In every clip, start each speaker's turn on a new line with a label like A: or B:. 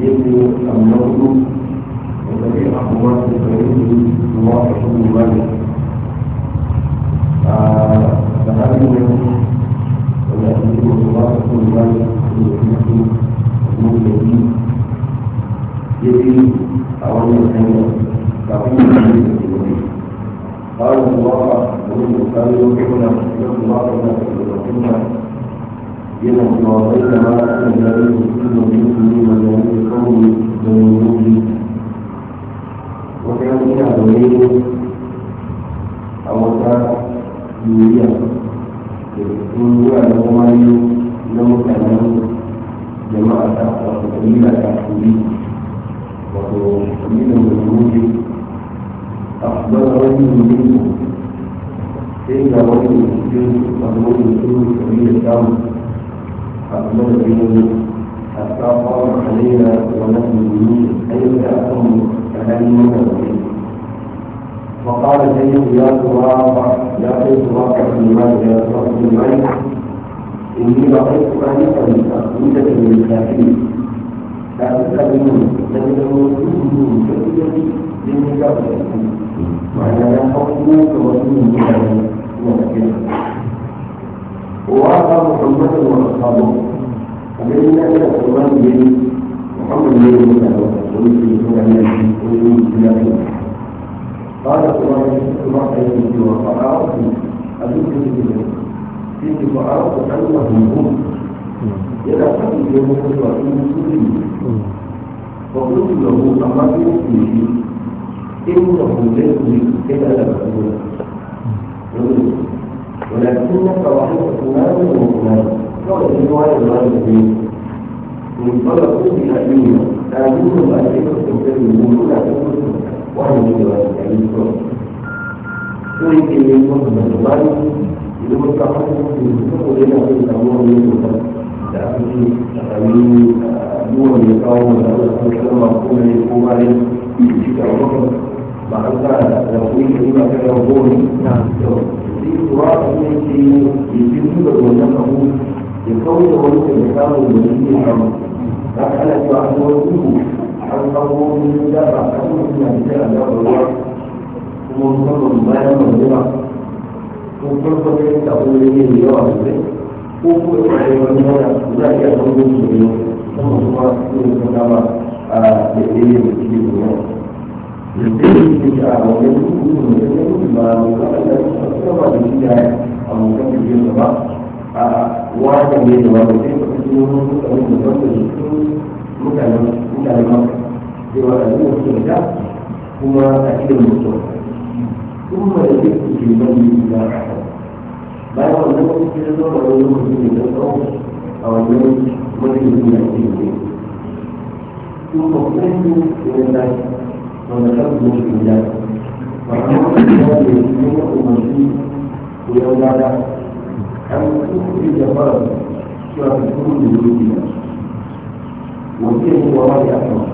A: يجب أن نرجو وتبيع أموال الفريق الله يحب ذلك فهذه والأسئلة الله يحب ذلك ويحب المؤمنين يجب أولا أن تقوم قال الله ومن يقال يحبنا يحب الله ولا يحب yana cewa bai da ma a kan garin musulman musulmi به إنه يجري إلى المسؤول ولكنك رحمة مال ومال قال الرواية الغالبية منطلق بها إيمان آمين وأجيبكم في المنور bayan manzuwa ko farko sai ka kuma ne da yawa sosai ko kuma da kai wani wanda za a iya samun su kuma kuma su ne sun kama a da ke yi da ke zuwa a wani kuma da ke yi ba mu ka da su ka ba da shi da a mu yin ke ba a wata ne da wata sai ka fi yi wani kuma da wanda su mutanen mutanen ma sai wata ne da kuma a cikin mutum ثم يجب في من لا أحد بعد أن نقول في الدور أو نقول في الدور أو نقول في الدور ثم قمت إلى الله ونشرت في الله وعمرت الله يسمع المسيح ويولى له أن تخرج فرد شرطكم لبيتنا وكيف وراء أحمد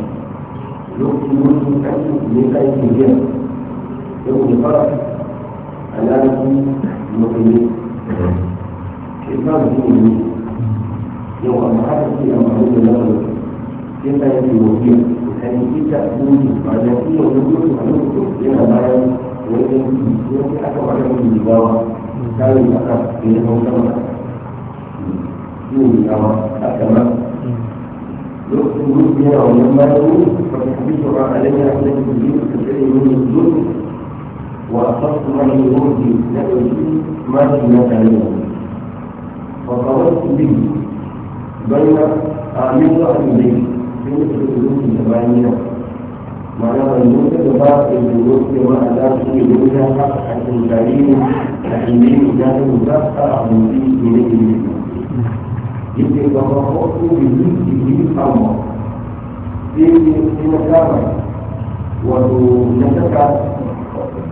A: لقد كنت أن تخرج أي يوم الفرح أن أنتم مؤمنين إسلام دين يوم المحاكم فيها معروف لكم كيف يأتي وفيها هذه كيف تكون بعد كي يوم الفرح لنا بعد ولكن يوم الأكبر على كل مجدارة كان يتقف في نفسه كما يوم الأكبر أكبر يوم الفرح لنا بعد ولكن يوم الفرح لنا بعد ولكن يوم الفرح لنا بعد وأخذت معي روحي نحوه ما كنا عليه فقررت به بين أعمل وأهل في مثل الجلوس الثمانية معناها الجلوس الباب الجلوس كما أدام في جلوسها حتى الكريم كريم كان ذات مكافأة عبودي من الجلوس يمكن تفرقت بجلوسه أمر في مكانه ونسكت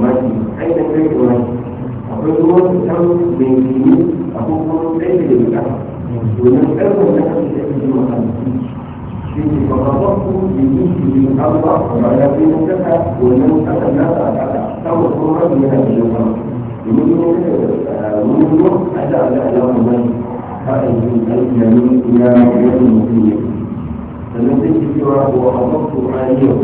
A: mati aikin kirki mati akwai kuma wasu can mai jini akwai kuma ɗaya da wuta domin ƙarfin da ake da ake ma halittu shi ne fafafafu da yi shi ne abuwa kuma ya fi yin kasa wannan kasa na ta kasa saboda kuma rabin yana da yawa domin yin kasa wani ruwa a da ala alamun mati ta aiki aiki na yin ya wani mutum ne sannan sai ke cewa wa a mafi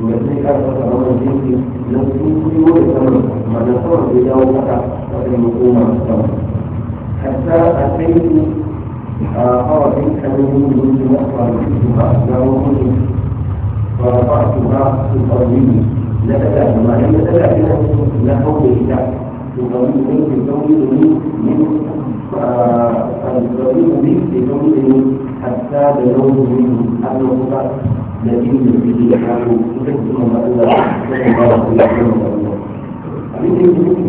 A: da sai ka saka wannan jinki na tsuntsuwo da sama mana sama bai dawo haka wadda ya koma sama hatta a sai su a hawakin kanin yin da na faru su ba na wani فرفعت ما تقربني لك لا ما هي لك لا حول إلا تقربني تقربني من تقربني بي تقربني حتى بلوه منه الرغبة التي يريد الحال ثم الله ثم الله ثم الله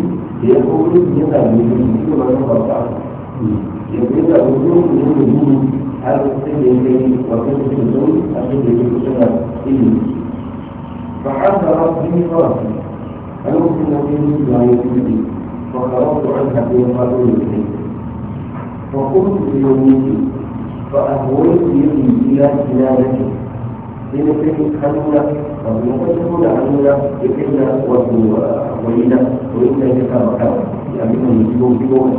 A: يقول يذهب من كل ما يقطع يذهب الوجوه من الوجوه هذا السر الذي وكيف الزوج أجد يكتب إلي فحتى ربي فرسي ألوك الذي لا يكتب فخرجت عنها في قبول الحي فقلت ليوميتي فأهويتني إلى كنانته لنفهم خلونا ونقصد عننا بحنا وإلى وإنك كما كان يأمين النجوم بهم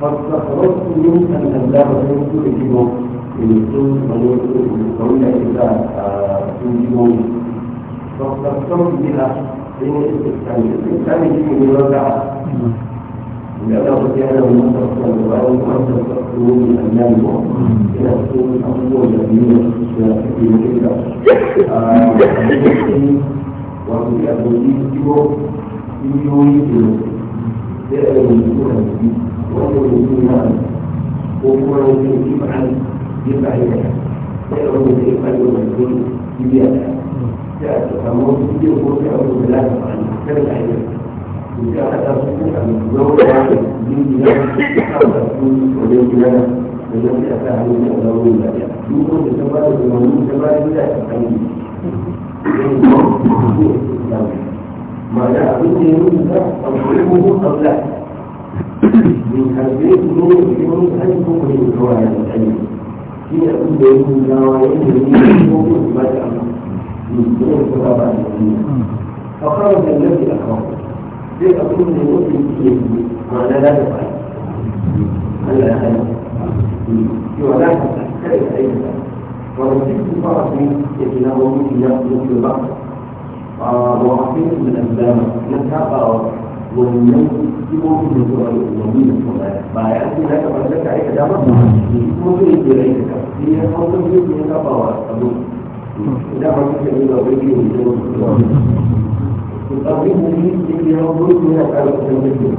A: فاستخرجت منك الأبلاغ فنسو بهم من السن وإلى إذا تنجمون فاستخرجت بها بين الاستخدام الاستخدام يجب أن يرجع لأنه كان مؤسسا وأو مؤسسة أصول النبوة إلى أصول الأصول التي في الكتاب وفي أبوزيكو يويكو دائما يكون وهو يكون وهو يفعل يفعل دائما يفعل ويكون يبيع تأتي أمور يقول له لا تفعل كذا معنى أبدا يمكن أن تطلبه أو لا من حبيب من يمكن أن تكون العلم في أبدا يمكن أن يكون من من دون سبب فخرج الذي أخرجه dia tak perlu menyebut mana dah dapat mana dah dapat dia dah dapat saya dah dapat kalau kita kita kita kita kita kita kita kita kita kita kita Wanita itu mungkin itu adalah wanita sebenarnya. Bayar kita kepada kaya ke dalam mungkin itu yang kita dia harus mungkin dia tak bawa kamu. Dia masih ada lagi untuk يقربني إلى ربي أسألك تنبيه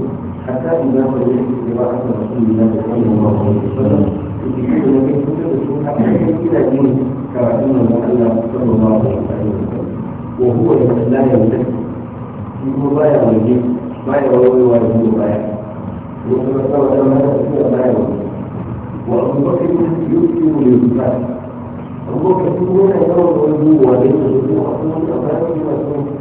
A: حتى إذا قرأت قراءة رسول الله صلى الله عليه وسلم يجب أن يكون إلى دين كرائم الله صلى الله عليه وسلم وهو لا يملك يقول لا يملك ما يروي ولا يقول لا وصلى الله عليه وسلم لا يروي وأبو بكر يكتب للإنسان أبو بكر يقول لا يروي ولا يقول لا يروي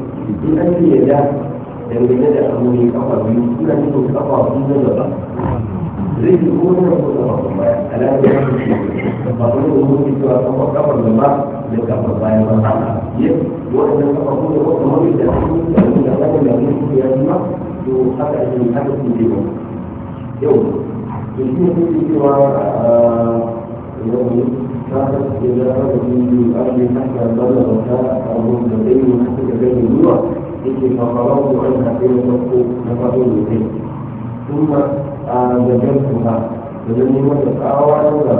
A: in an ya yadda dangane da amuri kafa biyu suna nufin kafa biyu na gaba zai yi ko na ko kafa baya alaƙa ya ce ba ko da wani cewa kafa kafa gaba da kafa baya ba haka yin waɗannan kafa ko da wata mawai da su da su da kafa da su ya yi to haka ake haka su ne ba yau to shi ne cewa ah, إليه فقد جاءه من الأرض حتى بلغ أو بين حتى بين النور إذ فقررت عنها حين ثم زجرتها فلم يمسك أعوان ولا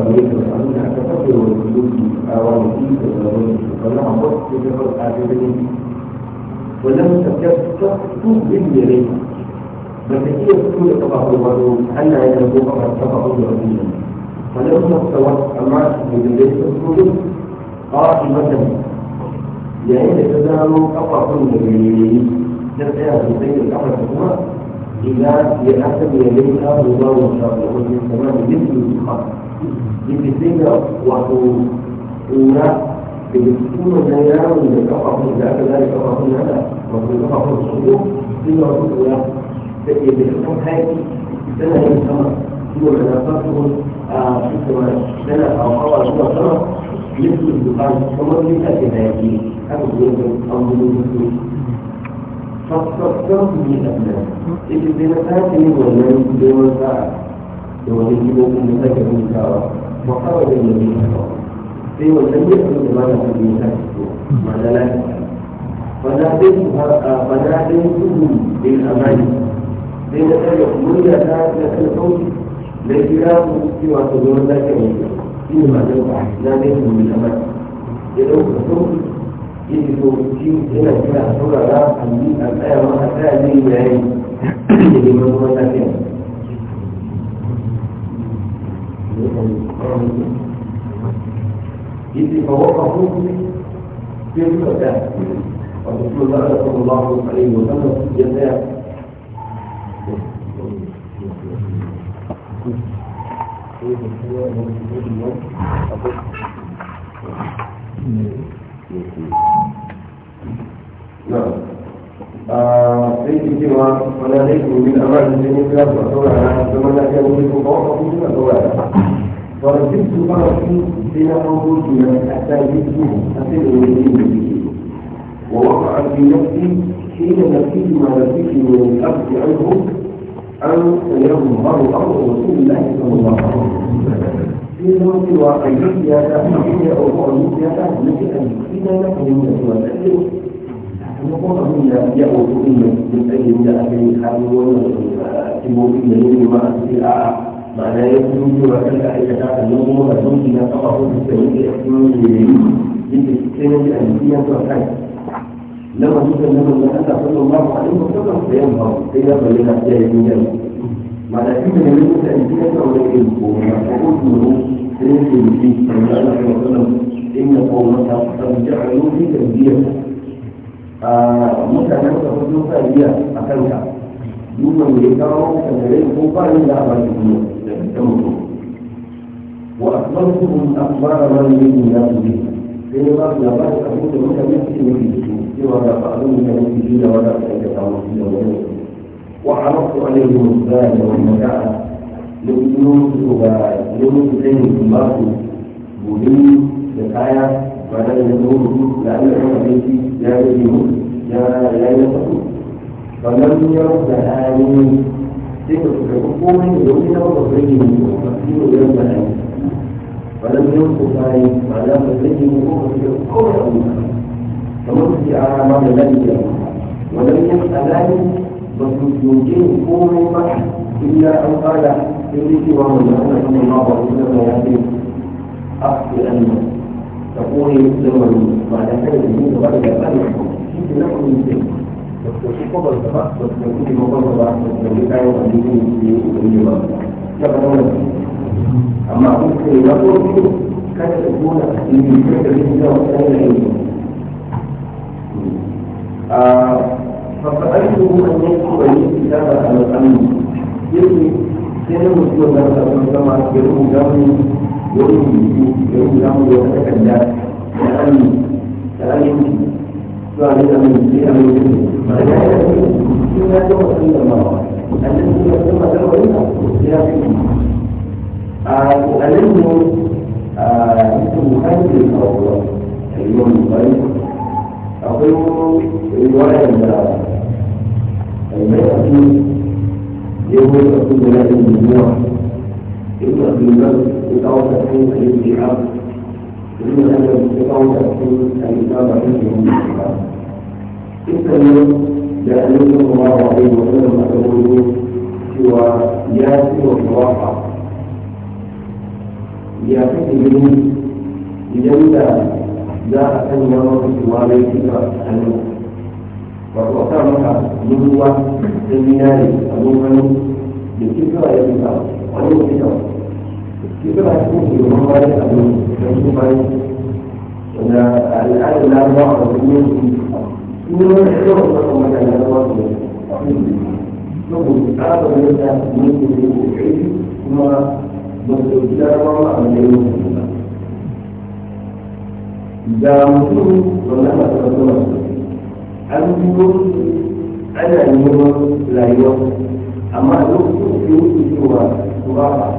A: تفكر وجودك أعوان فيك ولا بريد فلها بص بفرق ولم تكتب باليمين بس هي تقول تفاصيل أنها يجب أن تفاصيل فلما استوت في بجنبيه تسجد قائمة لأن تزال قطع اليمين تبقى في سيد الأمر الأخرى إذا يأتم يديها رضا وشاطئ من تمام مثل الخط في سيدة وحولا بتكون الزيان من قطع ذلك ذلك قطع هذا وفي قطع الصدور سيدة وحولا تأتي بحكم حياتي سنة يسمى هو العلاقات سنة أو أول سنة مثل الدخان ثم مثل كذلك أبدو أو مثل فاستغفرت لي أبناء إذ بنفاتي والمن بوزع ومن بنفاتي بوزع وخرج النبي صلى الله عليه وسلم في ولم يكن لماذا في بنفاتي معنى لا فناديتها فناديتهم بالأمان بين أن يقول لها لك الحوت لكنه سوى تدور ذاك إنما تنفع إسلامه من الأمل يدعو الرسول يجب تشيء إلى كلا سورة لا أمين الآية ما أتاء به بعين يجب أن تكون ذاك إذ فوقفوا في الفتاة ورسول الله صلى الله عليه وسلم جزاء ولا ليكم من أمان الجميع لا تحصل على زمن كان منكم فوق فيما فوائد ورجبت فرسي بين موجودنا حتى جئته أسر إليه ووقع في نفسي حين نسيت ما نسيت من الأخذ عنه أو سيظهر أمر رسول الله صلى الله عليه وسلم في الموت واقعية تحقيقية أو قانونية التي أن إذا لم يتوسل نقول أن يأوت إن من أجل أهل الحال والتموتين لما أسئلة معناه يكون وكل أحيانا النوم والنوم إذا تقعد في السبيل يكون للسنة الأنبياء والحج na masu na masu Allah sallallahu alaihi wa da yamma sai ya bayyana da ya yi yamma malakin da ne suka yi cikin sauran ilmi ko na ko duro sai ya ce miki sallallahu alaihi wa inna qawmaka qad ja'alu fi tanbiyatika a mutanen da su sa biya a kanka duk wanda ya kawo ka da rai ko ba da ba ki ne da mutum wa akbartuhum akbara man yajin da su sai ya ba su labarin da mutane suke nufi سوى تقاليد المسلمين ولا تلك تعويل وغيره وعرضت عليهم الزاد والمتاع لمسلم ماكو بولي لقايا ولا يدور لأن بيتي لا يدور لا لا فلم يرد هذه سكت كحكوم يؤمن وتخرجه وتخرجه إلى الملائكة فلم يرد هاني فلا تخرجه وتخرجه كل أمور فمسك على ما الذي ولم يسألني وكنت يمكن كون معه إلا أن قال إني وهو أن الله عليه وسلم يأتي أخفي أن تقولي لمن بعد كلمة من غير أن كنت لكم من شيء وتقول الصلاة وتقول مقربة وتقول أن يكون أما أنت يقول كان يكون من كل من فسألته أن يكتب لي كتابا على الأمن يبني سنة مسلمة كما يقول لي يروي يروي جامي ويتكلم لأمن لأمن سؤال الأمن لي لأمن فإذا كان يجب أن يكون الذي يسمى الأولى لكن وأنه اسم مخالف الأولى اليوم الغريب أقول رواية المرأة يقول أقول لا الجموع إما في البلد يقول تحسين الانتحاب إما أن يقول تحسين الإسلام حسنهم الانتحاب إذن جاء النبي صلى الله عليه وسلم يقول سوى ياسر وصواحة ياسر منه لجنة za a sanya maka cewa bai cika a hannu wato a sa maka ruwa da zinare a hannu da cika ya cika wani ya cika cika na cikin shirman bayan abin da su bayan da al'adar larabawa a wajen yin su ne wani yawan saka maka larabawa su ne saboda tsarin yadda mutum ne ko kuma ba su ɗauki larabawa a wajen yin su da mutum wannan masu kasuwa su an biyo ana neman rayuwa amma lokacin da yake cewa su ba ba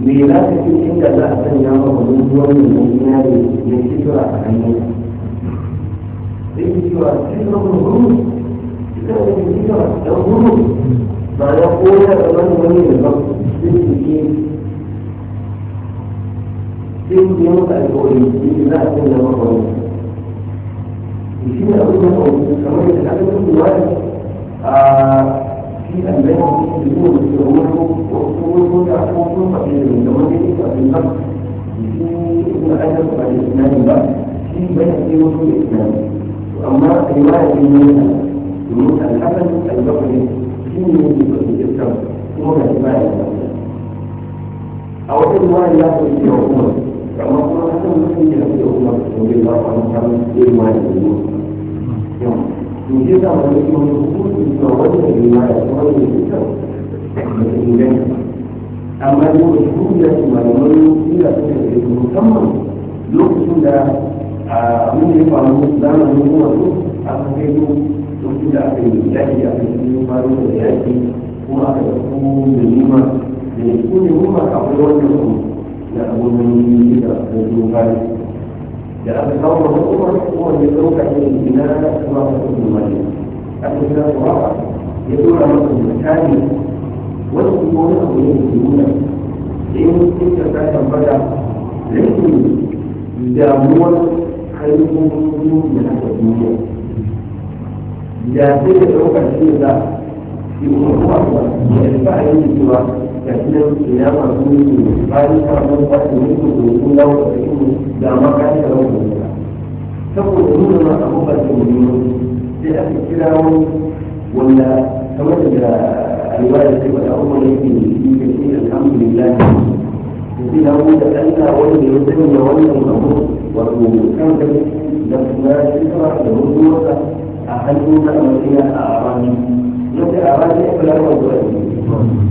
A: me za ka ce inda za a sanya maka wani wannan mummuna ne ya ci tura a hannun sai cewa cikin rukun ita da ke cikin rukun ba ya koyar da wani wani da ba sai ke سيدي ينفع الكوري سيدي لا أسلم لما قولي يشيل أقول لك كمان يتحدث كل واحد في أنباء يقولون يقولون وأصول وأصول فقير من زمانه ففي النقص في ابن آدم بعد الإسلام بقى في بيت في وصول الإسلام وأما رواية الموسى الموسى الحسن البصري في من الإسلام هو الإسلام أو رواية يأخذ في عمره Kalau orang itu mesti jadi orang mungkin dapat macam iman itu. Ya, mungkin dapat lebih mengukur orang yang iman orang yang tidak. Kemudian, amal itu mungkin dia cuma mengukur dia sendiri itu sama. Lepas sudah mungkin kalau mungkin dalam lingkungan itu apa itu mungkin dia akan menjadi apa itu baru menjadi orang yang punya lima, punya lima kapal yang da abubuwan da da duba da aka kawo da hukumar kuma ya ɗauka ne ina kuma a cikin mali aka kira kuwa ya tura masa misali wani kuma wani abu ne da nuna in iska ta tambata rikin damuwar hanyoyin da aka duniya da sai da ɗaukar shi da za yi kuma kuma ba a yi cewa كثيرا الى مرسومه ذلك من قد يمكن له فانه لا مكان له تقول دون ما تقوم المؤمنون لأن الكلام ولا تولد الوالد ولا أول في كثير الحمد لله وفي لابد أن ولد يسلم ولد المأمور وكان ذلك لما شكرا لمدورة أحد أمثلة أعراضي متى أعراضي فلا أول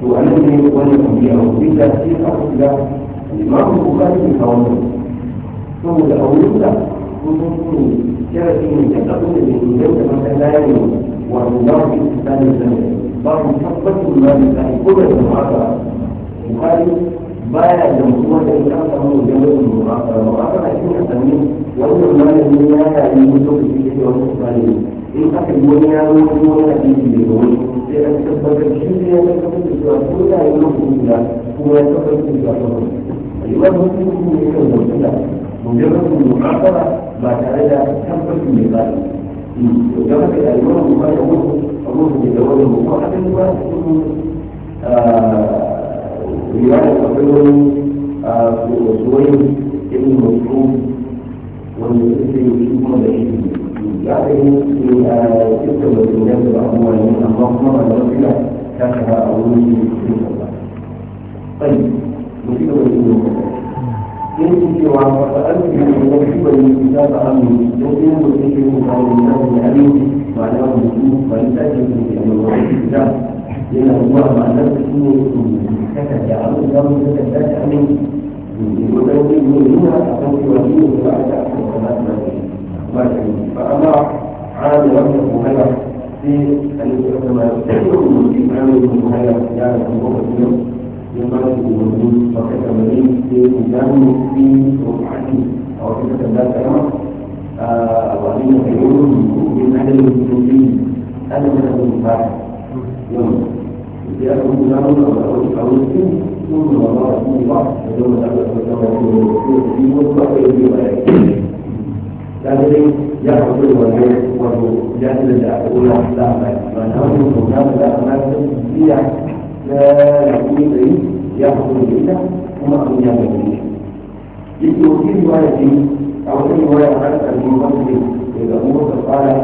A: تؤلف ونبيه بتأثير أصل الإمام البخاري في قوله ثم لأولوك خصوصي شبكين تتقون بالإنجاز كما لا يموت وأن يرى في إستان الزمن بعض حقبة ما لله قدرة المعاصرة البخاري baya da mutuwa da ita aka samu wajen wajen mu'amala mu'amala shi ne a sannin wannan malamin ya yayi mutum da shi ke wani tsari in aka yi wani yaro ko wani hadisi da wani sai an tabbatar shi ne ya tabbatar da cewa ko da ya yi hujja kuma ya tabbatar da cewa ko riwar musulunci ne kan wasila mujarrabin mu'amala ba tare da tabbacin da ba to da haka da riwar mu ba da wani abu da da wani mu ko hakan ba su riwar da akwai wani soyayya ibn mas'ud wanda yake yi kuma da shi Jangan lupa mandi dulu, kita jangan lupa mandi dulu. Jangan lupa mandi dulu, kita jangan lupa mandi dulu. Jangan lupa mandi dulu, kita jangan lupa mandi dulu. Jangan lupa mandi dulu, kita jangan lupa mandi dulu. Jangan lupa mandi dulu, kita jangan lupa mandi dulu. Jangan lupa mandi dulu, kita jangan lupa mandi dulu. Jangan lupa mandi dulu, kita jangan lupa mandi dulu. Jangan lupa mandi dulu, kita jangan lupa mandi dulu. Jangan lupa mandi dulu, kita jangan lupa mandi dulu. Jangan lupa mandi dulu, kita jangan lupa mandi dulu. Jangan lupa mandi dulu, kita jangan lupa mandi dulu. Jangan lupa mandi dulu, kita jangan lupa mandi dulu. Jangan lupa mandi dulu, kita jangan lupa mandi dulu. Jangan lupa مكان فأضاع عاد وجه مهلا في كما يستحيل المسلم عامل مهلا يعني الموقف اليوم يقال المسلم وكتمرين في مجانه في ركعته أو في كتابات كلامه وأن يقولون من أهل هذا من المباح يوم زيادة مجانه أو المسلم ثم الله يقول الله يوم الأول والثاني والثالث والرابع والخامس لكن يحصل والبيت ويأكل الأكل والأحلام ونحن نعمل الأعمال هي لا يكون بعيد يحصل بعيدا وما أن يعمل بعيد يجب في رواية أو في رواية خلف المفسر إذا موسى قال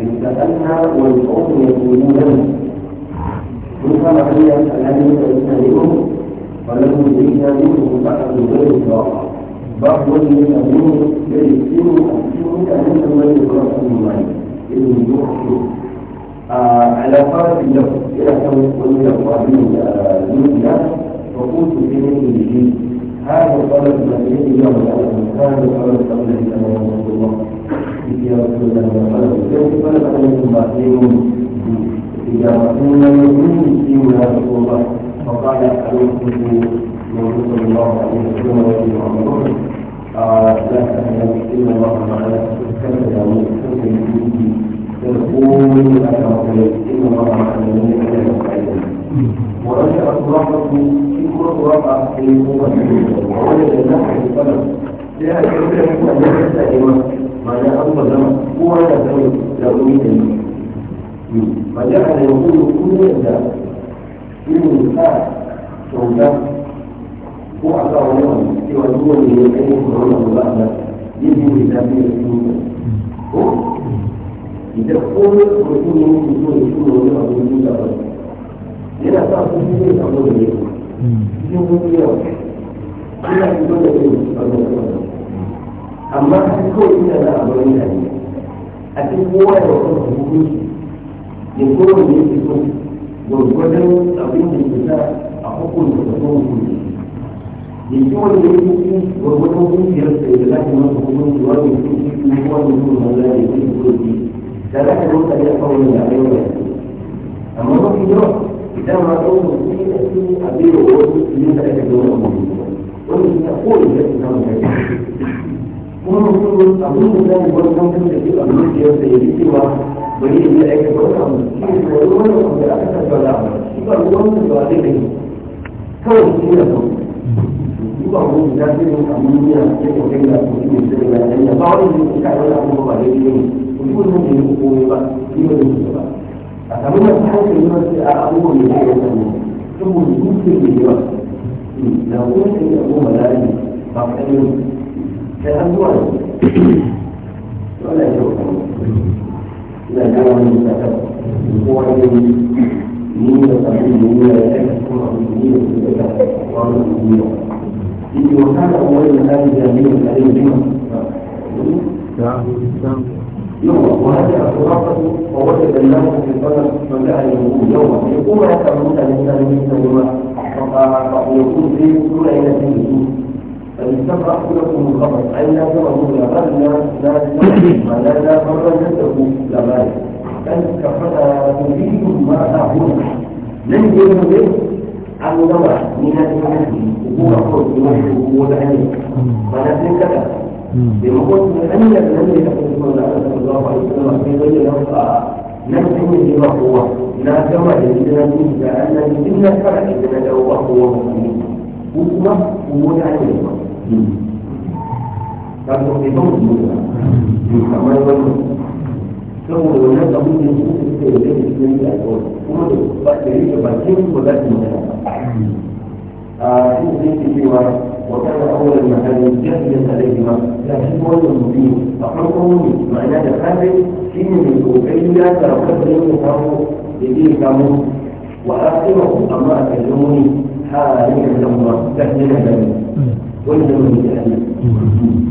A: إن سألنا والقوم يقولون لنا موسى معنيا الذي يستهلكهم ولم يجد منهم أحد غير الله babu wanda ya samu da ya ciwo a cikin mutanen nan wanda ya fara samun mai irin yau a alafar da ya samu wani da kwabi da zuciya ba ko su هذا الطلب الذي الذي كان الله يا رسول الله طلب كيف طلب عليكم باقيهم إذا رسول يؤمن يا رسول الله فقال عليكم من رسول الله عليه وسلم وأنشأت رحمة في كل رقعة في قوة ووجد نحو الفلك لها كبيرة مستمرة دائمة ما جاء أول زمن هو لا زمن لأمين فجعل يقول كل ذا من الفاء هو أكثر يوم سوى الدول التي يظهرون المبادرة يجب لتعبير الدنيا هو إذا قول ويكون يمكن أن يكون ويرى من دون دولة لأن أكثر في الدنيا تقول اليوم يوم اليوم إلا في دولة أما تقول إلا لا أبوين أبي أكيد هو يوصف بكل يقول يمكن يقول يقول أبوين الإنسان أحب يجي ولا يجي وربما يجي يرسل لكن ما تقولون سواء يجي ما هو المفروض هذا يجي يقول دي ثلاثة نقطة يقوى من العيون أما ما في جرس إذا ما تقول في أسير أبيه وقول من ثلاثة دون المفروض ومن يقول الذي كان يجي ومن أظن ذلك وكم كنت في أمريكا يرسل ويجي يلاقي برقم كيف يقولون ولا أكثر ولا أكثر يبقى الوقت بعدين كون كده يقوم بذلك الأمنية يقوم بذلك الأمنية بعض الإنسان ولا أمر الله يجري ويقول ممكن يقوم بذلك فمن الحاجة إلى أمور الحياة ثم يمكن بالوقت لو قلت أن أمور ملائكة فقد كلام وارد ولا يجوز إذا كان من المتكبر هو من مين يستطيع من يتكلم عن المسلمين والمسلمين وكان أول الآن جميع الأليم وهذا خلاصة ووجد الله في القدر فجعل يوما يقول هذا موسى الإنسان من يوما فيكون في كل إلى سنه فاستقرأ كلكم الخبر أي لا تره لا بل لا لا لا فرا جده لا بارك أن كفر تريد ما تعبون لن يكون أبو دورة من الإمامي هو قد يمشي هو أمين ونفس كذا بمقود من أن النبي صلى الله عليه وسلم في غير نفسه نفس من هو لا كما يجدنا فيه لأن الجنة فرق بين الأوبة هو مسلم هو قود أمين فالمؤمنون كما يقولون saboda wannan abin da shi ne ke da shi ne da alƙawari kuma da ba da yake ba ke ko da shi ne a shi ne ke cewa wa kana awwal mahalli jahilin alaihima ya shi wannan mutum a farkon ne ma'ana da kafe shi ne mai kokari ya karɓar da yake samu da zai samu wa akhiru amma a kalmuni ha ne da lamma jahilin alaihima wannan ne da alaihima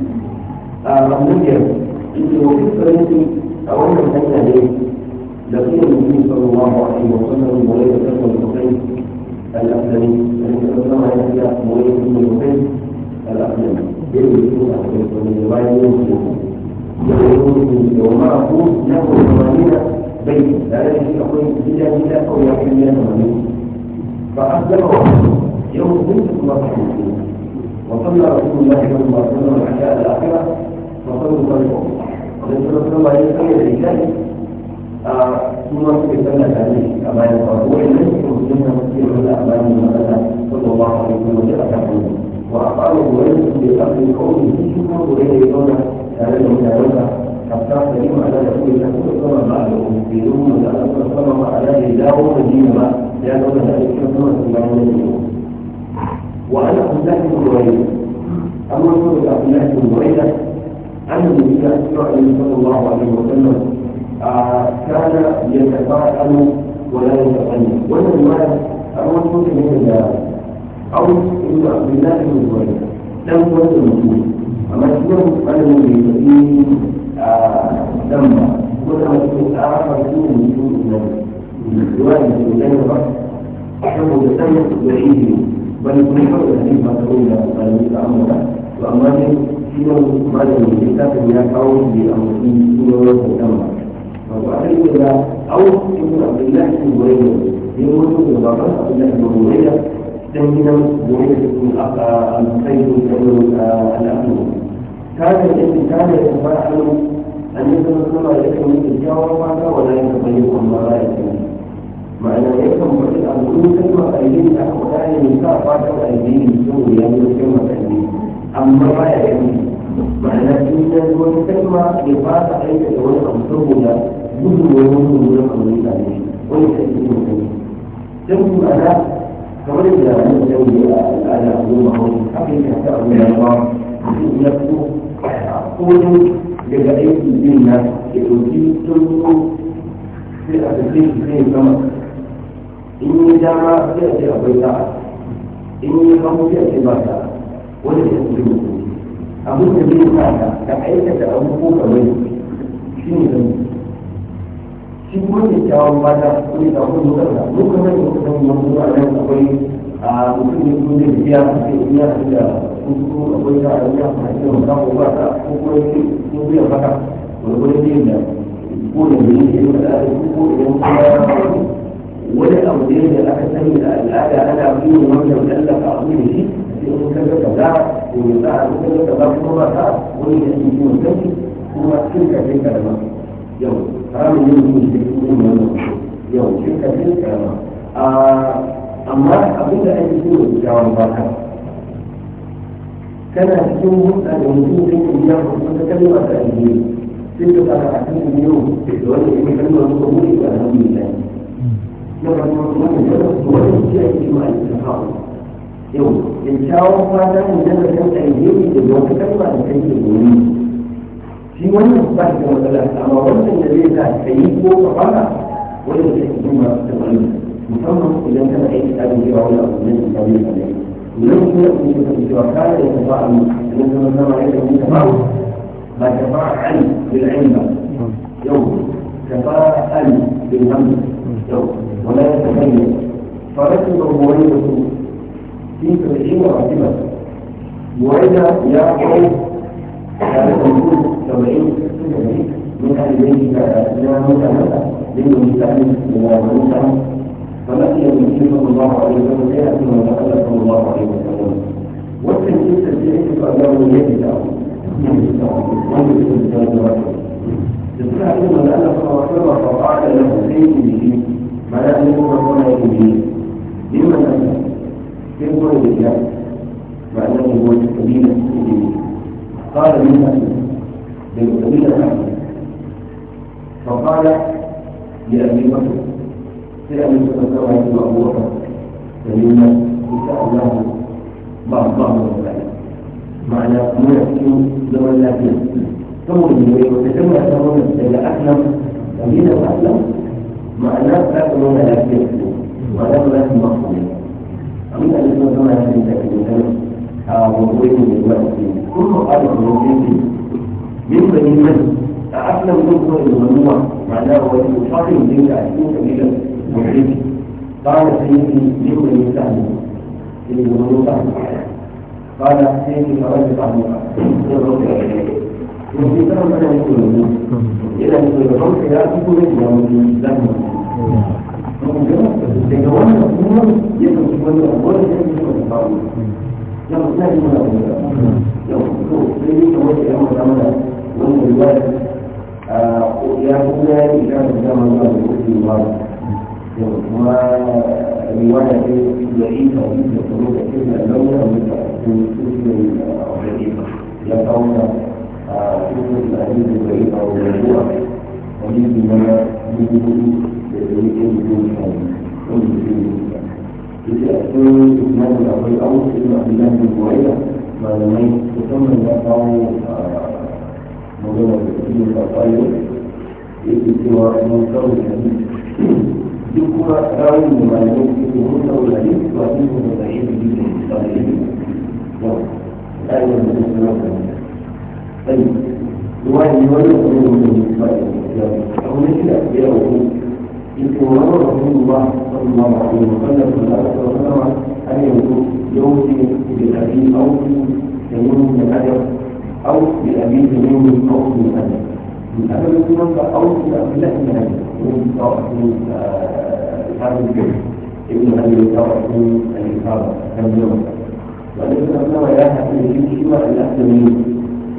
A: آه، ممكن انه في الثلاثي اولا هيا ليه لقي النبي صلى الله عليه وسلم مريض يعني إيه بن الحسين الاسلمي النبي صلى الله عليه وسلم مريض بن الحسين الاسلمي يجب يكون الحسين روايه مسلمه ومعه له ثمانين بيت لا يجوز يقول بلا بلا او يقول ثمانين فاقدمه يوم بنت الله وصلى رسول الله صلى الله عليه وسلم العشاء الاخره وصلوا مطلقه الرسول صلى الله عليه وسلم الرجال ثم استقبلنا ذلك أمان الله والناس يمكننا مسير الأمان المدنة صلى الله عليه وسلم أكبر وأقاموا ولدهم بأمر قومه شكرا وليس يدون أهلهم يدون حتى سليم على رسول الله صلى الله عليه وسلم بدون أن صلى الله عليه الله الدين ما يدون ذلك يدون سليم وأنا أما صلى الله عليه وسلم أن النبي صلى الله عليه وسلم آه، كان يتفاءل ولا يتقيم ولما أول شيء من الله أو إن عبد الله بن زبير لم يكن موجود ومسلم أنا من لما كل ما تكون أعرف فيه من دون النبي رواية من الله فقط أحب بعيد بل كل حول الحديث ما تقول له أن يتعامل وأمامه ciwon maganin littafin ya kawo bai amfani sunan hoton ba وبعد كده او ابن عبد الله بن بريده يقول ابن عبد الله بن بريده سيدنا بريده بن الخير بن الامن كان كان يتفاعل ان يكون كما يكون يتجاوز معنا ولا يتغير ما لا يكون معنى يكون بريد الامن كما ايدينا ولا ينفع بعد ايديهم سوريا من كلمه ايديهم amma ba ya gani ma'ana in ya zo wani kalma bai fasa aikata wani abu saboda gudun wani wani wurin abu ne tare shi wani ta ce ne kai don ma'ana kamar da na jauri a al'ada a goma hau haka yake haka abu da ba mutum ya fito a kodin daga aiki din na ke ɗauki tuntu sai a tafi sai sama in yi dama sai a ce akwai sa'a in yi hamu sai a ce ba sa'a wanda ya fi yi abin da zai sa ka ka aikata abu ko ka bari shi ne zan shi kuma ne kyawun bata ko ne ta kuma zarra lokacin da kuka san wani zuwa nan akwai a mutum ne kuma zai biya a ce in ya fi da kuma akwai ta a yi yawan haƙi da makamu ba ta ko kuma ya ce sun biya baka wani kuma ya ce da ko da ne ya yi da ala ko da ya kuma wani abu da ya aka sani da al'ada ana yin wannan da Allah ka abu da shi يقول كذا كذا ويقول كذا كذا ثم كذا ويقول كذا ثم تلك تلك لما يوم حرام يمكن تكون من يوم تلك تلك لما أما أبدا أن يكون جواب باكر كان يكون مدة يمكن أن يأخذ متكلمة الإنجيل تلك الأربعين مليون وأن يكون كلمة القبول والحمد لله لقد كنت من هو الشيء ما يتحقق yau kyakkyawan fata ne da da kan alheri da wata kalma da kai ke gobe shi wannan ba shi da matsala amma wannan da zai sa ka yi ko ka fara wanda zai yi ma da wani musamman idan kana aiki a cikin wani abu ne da kai ka yi idan kuma kun ce ka cewa ka da ka ba mu idan kuma sama ya ka ta ba ba ta ba an bil ilm yau ta ba an bil hamd yau wala ta bayyana faratu da wani da في تنشيط راتبة وإذا يقعوا كانت موجود سبعين من أهل بيت إلى متمتع للمستعمل إلى متمتع فلقي النبي صلى الله عليه وسلم يأتي من تقلد صلى الله عليه وسلم والتنشيط تجريح فأنه يجد تستعلم أن فقر فقال له زيد به ما لا يكون في قول الله وأنه هو السبيل السبيل قال من أحمد للقبيلة أحمد فقال لأبي بكر في أن تتكلم أبو بكر فلما إن الله بعضهم الثاني معنى ما يكون زمن لا ثم وتتم أثرون إلى أحلم فمن أحلم معناه لا تكون لا بين الوقتين كل قال من بني من أعلم ذكر الممنوع معناه هو المشاطر من تعرفون سبيلا محيط قال سيدي من بني سهل الممنوع سهل قال سيدي فرجت عن إذا الرمح لا تكون يوم لهم لكن وانا يكون يكون يكون يكون يكون يوم ثاني ولا أولى يوم ثاني ولا أولى وإن الوالد يا أولى كان كما الله يقول الوالد والرواية ضعيفة مثل خروج كلمة الأولى من كتب ضعيفة يقرون كتب الأديب الضعيفة والموضوع ومثل ما يجب أن يكون يتأثروا بإسلام الأول الأول ابن عبد الله بن هريرة معلومين وثم يقعوا موضوع التأثير الطائر سوى منكر الحديث ذكر راوي ما يمكن منكر الحديث وأنه ضعيف جدا صحيح لا يمكن أن طيب رواية من ولد من المصطلح يمكن وروى رسول الله صلى الله عليه وسلم صلى الله عليه وسلم أن يكون يوصي بالأبي أو يمين من الأجر أو بأبيه يمين أو من الأجر من أجل الكلام أو بأبي الله من الأجر من هذا الجيش ابن أبي الكعب من الإنكار كم يوم ولكن أنه لا يحكي شيء سوى الأحد منه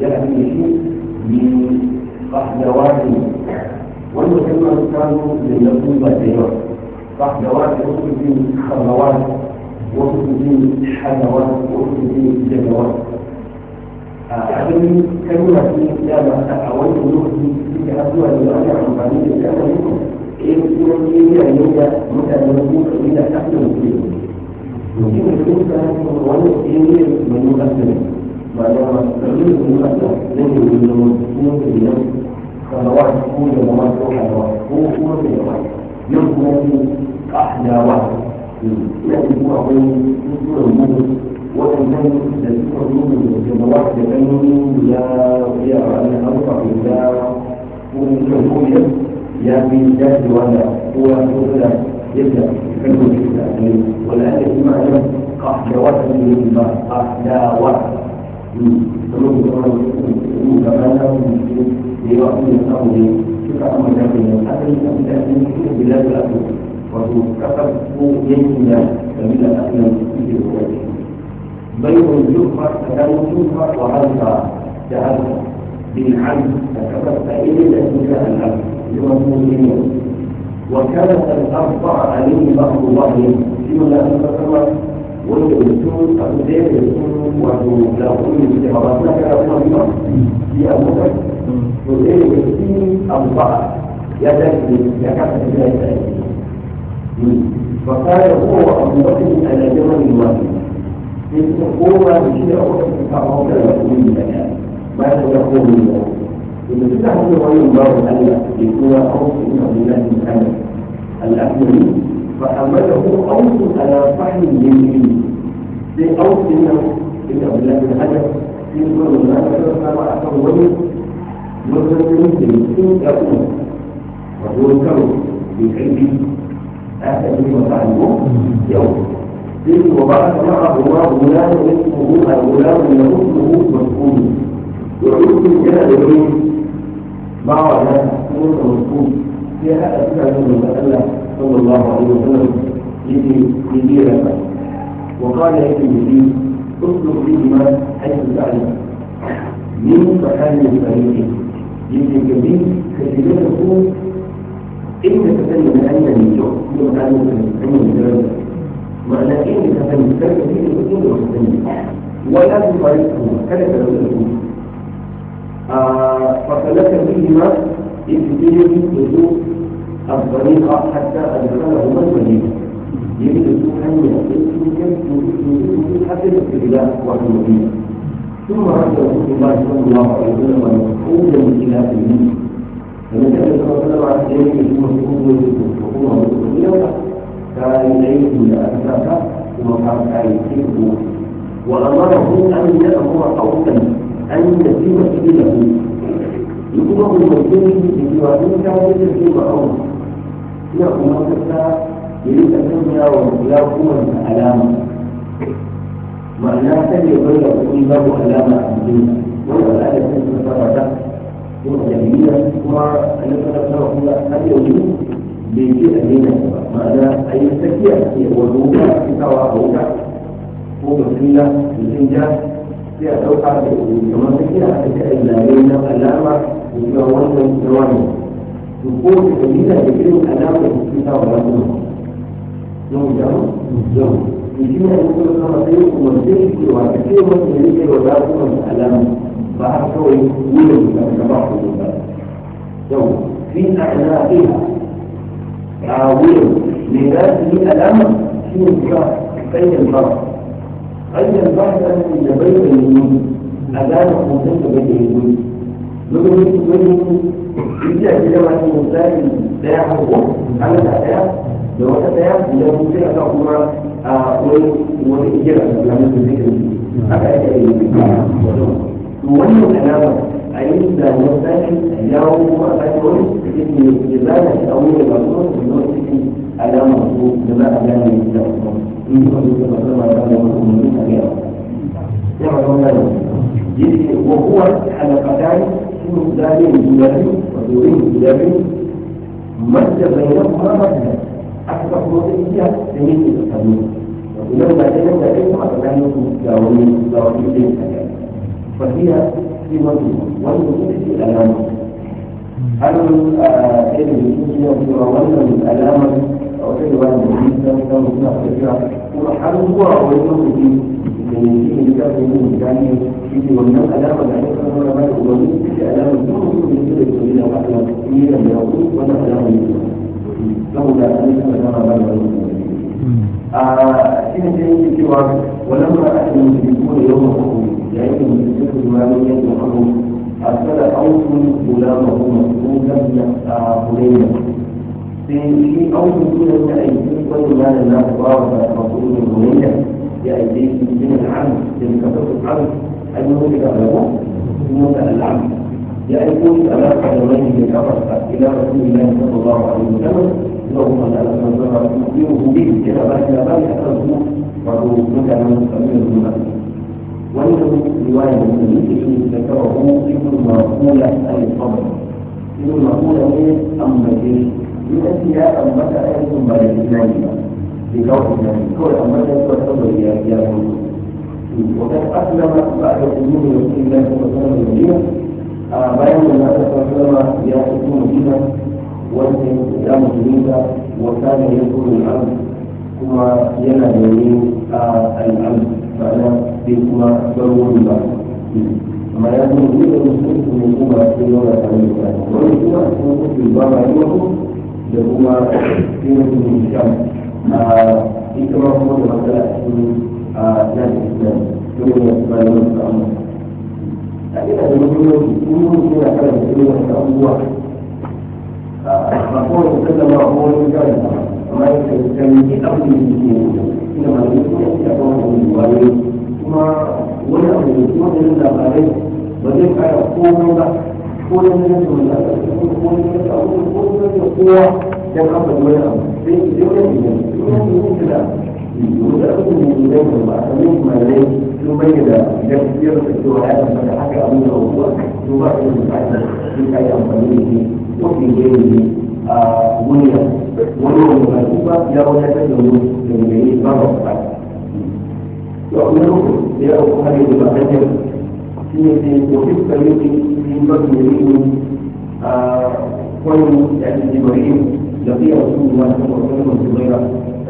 A: يحكي شيء بأحد واحد wanda kuma samu da ya duba da yawa ba da wata wasu jin halawa wasu jin halawa wasu jin jagawa a abin kalma ce ya ba ta a wannan lokaci suke abuwa da ba ta amfani da kalma ne eh kuma ne ya yi da mutane ko kabila ta kan ke mutum da kuma sanin wannan ne mai mukaddama ba da ma kabila mukaddama ne ne mai mukaddama كان واحد يقول لما ما تروح على واحد هو هو في واحد يمكن أحلى واحد يعني هو بين يصير المؤمن وإنسان يصير المؤمن لما واحد بين لا يا أنا أرفع لا ويصير المؤمن يا من ذات ولا هو يقول لك يبدأ يحب يبدا التأمين في اسمعنا أحلى واحد من الماء أحلى واحد. da yawa sun yin samu ne suka amurka da yin asali a mutane suka bila da lafi wato kasar ko yankin da kabila asinan suke da wani baiwar yufa tsakanin yufa wa harfa da harfa bin hali da kasar ta ilil da suka al'ar yawan sun yi ne وكانت الأربع عليه بعض الله فيما لا تتكلم والدكتور أبو زيد يكون وأبو لاقون من استعارات لا كان أبو في أبو بكر جزئين وستين أو ضعف يدرك يكفي بلا يدرك فقال هو أبو بكر على جمل الوالد يقوم بشيء أو تفاعل المسؤول مكان ما يقول له إذا فتح غير الله أن يكون اوس بن الله بن أمر فحمله اوس على صحن يمينه لأوصى بن عبد الله بن أمر في كل ما ذكر ما أعطى matsalolin da sun ɗaɗu a zuwan karo bai kai bi a ɗaɗu masa alwo yau sai ku ba a sama abuwa guda da wani kuhu a guda da wani kuhu mas'ulu domin yana da wani bawa na kuma da mas'ulu sai haɗa suna yin da Allah sallallahu alaihi wasallam yake yake rasa وقال ابن جرير اطلب بهما حيث تعلم من مكان الفريقين يجي الجميل كثيرا يكون إن تتكلم أن النجوم إنت متعلمة أن الجميل معنى إنت تتكلم كان كثير يكون متكلم ولا تفارقهما كان كلامه آه، فسلك فيهما ابتداء وجوه الطريقة حتى أدخلهما المدينة يجب أن يكون كم حتى الابتداء والمدينة ثم رد رسول الله صلى الله عليه وسلم مفقودا الى دينه فالنبي صلى الله عليه وسلم عن ذلك المفقود والمفقود والمفقود كان اليه الاسباب وقال يحبه وامره ان يامر قوما ان يتم سبيله يقوم المسلم بديوانه كان يتم قوما يا امه يريد ان يرى ويا قوما علامه ma'ana kan ya bai da kuɗi babu alama a cikin wani al'ada ta su saba ta yau da jami'a kuma a yi kasar sama kuma har yanzu bai ce a daina ba ma'ana a yi tsakiya ke wani wuta a sawa a wuta ko basila mutum ja sai a ɗauka da kamar tsakiya a ce a yi lalai na alama da cewa wannan na wannan to ko da jami'a da irin alama da suke sawa na kuma yau da yau يجينا يقول كما سيء ومزيد وكثير من يجيك الوزارة الألم فهذا هو يقول كبار في أعناقها عاويل لذاته ألم في الفرح أي الفرح أي الفرح أن يبين اليمين أدانه مصيبة بين اليمين لكن يقول يجي كده ما يمسك ساعة على ساعة لو ساعة لو ساعة wani kira da mutum zikin haka ake yi wannan alama a yi da wani sashi a yawo ko a sashi wani cikin ne ya zana shi a wuri ba kuma su zo cikin alama ko da za a gane da kuma in kuma su ka masu ma ta da wasu mun a gaya ya ma kuma gane yake wa kuwa alaƙadari sun zaɓe guda biyu a dorin guda biyu madda bayan kuma madda aka ga kuma wata igiya da yake da kanu wato nan ba dai nan ba dai kuma tsakanin su ga wani ga wani zai kare fasiya shi wani wani mutum da ke alama har a irin mutum suna cewa wannan alamar a wata da wani mutum suna suna suna tafiya kuma har zuwa wani mutum da ya ce ne da kai mun gani shi ne wannan alamar da aka sanar da wani mutum da alamar duk mutum da ke da ke da wani mutum da ya ce wannan alamar ne لولا أن كما بلغ شنو سيدي سوى ولما أهل المشركون يوم الحكم يعني المشركون ما لم يدعوهم أرسل أوس غلامه مسعودا قليلا في أوس دون أيديه وما لنا قرار مسعود قليلا بأيديه من العم تلك العم أن يوجد له موسى يكون أمام قدميه من أمرك إلى رسول الله صلى الله عليه وسلم اللهم لا تنظر تخبره به كما بات إلى بال أخرجه وهو مثلا سميع الجمل وإنه رواية مسلمته ذكره ابن مقولة أي الصبر ابن مقولة من إيه؟ أم بشير من يا أم بكر أيضا بلدنا بقوله يعني كل أم بكر تصبر يا يا وقد أسلم بعد أمور رسول الله صلى الله عليه وسلم bayan da na tattauna ya fito madina wanda ya musulunta wa kana ya kuma al'am kuma yana da ne a al'am ma'ana bai kuma barwani ba amma ya zo ne da musulunci ne kuma sai yau da tare da wani kuma sun kuɗi ba ma yi da kuma yin mutum sham ita ma kuma da matsala cikin a nan islam dole ne su ba da wasu amma hakika da muhimmanci in mun kira kan cikin wasu abubuwa ba kowace sallama ba kowace gari amma ya ce kan yi abu da ke ina ma ne ya ce a kowace wani wani kuma wani abu da kuma da yin labarai ba zai kara komai ba ko da yin da wani labarai ko da yin da wani ko da yin da kowa dan haka wani abu sai idan wani ne wani ne da Budak itu mengundang bahasanya malam Cuma dia dah Dia dia berkecuali Pada hati Abu Dawud Cuba dia berkata Kita yang paling ini Kau tinggi ini Mulia Mulia Mulia Cuba dia berkata Dia berkata Dia berkata Dia berkata Dia berkata Dia berkata Dia berkata Dia berkata Dia berkata Dia berkata Dia berkata Dia berkata Dia berkata Dia berkata Dia berkata Dia berkata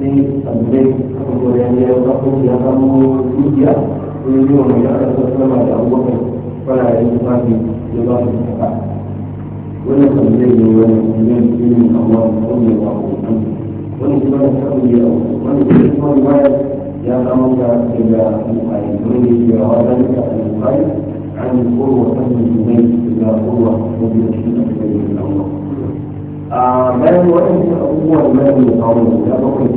A: ní sàmìlẹ̀ ọgbọ̀n ẹni ẹ̀rọ tó ti yàtọ̀ mú ìdíyà lórí bí wọn yàrá tó fẹ́ máa dà wọ́n kẹ́ fọ́nà ẹni tó bá fi ló bá fi kàkà. wọ́n ní sàmìlẹ̀ yìí wọ́n ní ilé ìlú àwọn ọ̀gbìn wà òkú. wọ́n ní sọ́nà sàmìlẹ̀ wọ́n ní sọ́nà wáyà يا قوم إلى المؤمنين بإرادة الخير عن القوة الجنين إلى قوة مبينة بين الله. بل وإن أول من يقوم لا بقيت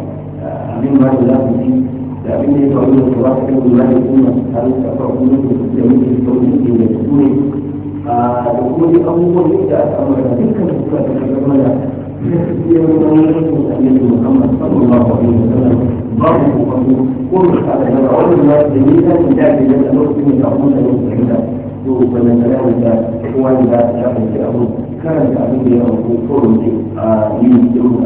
A: مما يلاقي فيه لكن يفعلون الصلاة كما لا يكون هل تفعلون بالتمييز التوحيد والسوري يقول أول يبدأ أمرنا تلك الفتاة تكمل محمد صلى الله عليه وسلم ضربه قبول كل هذا يدعون الناس جميلا من ذلك لأن نؤمن يدعون المسلمين ومن ذلك إخوان ذات شخص كان تعبير يوم كل يوم يوم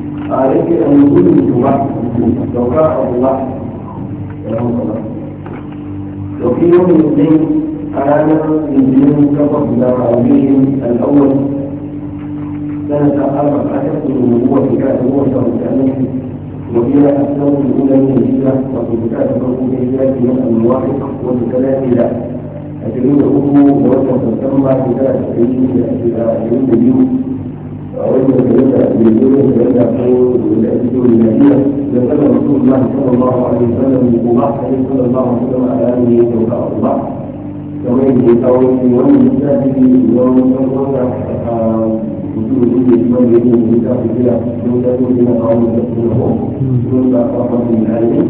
A: عليك أن يكون الجمعة لو كان عبد الله لو في يوم الاثنين أنا من كفر إلى رأيهم الأول سنة أربع عشر من هو في كأس هو شهر الثاني وهي أسلام الأولى من الهجرة وفي كأس الرسول الهجرة في يوم واحد وفي ثلاثة لا أجلوده موجه تسمى في ثلاثة أيام إلى أجلوده وأول ثلاثة يقولون ثلاثة حول ويأتون المدينة ذكر رسول الله صلى الله عليه وسلم وبعث صلى الله عليه وسلم على آله وصحبه كمان أو يوم الثالث يوم الرابع وجود كل إمام يكون في كتاب كلا يوم من قوم يكونهم يوم رحمة العالمين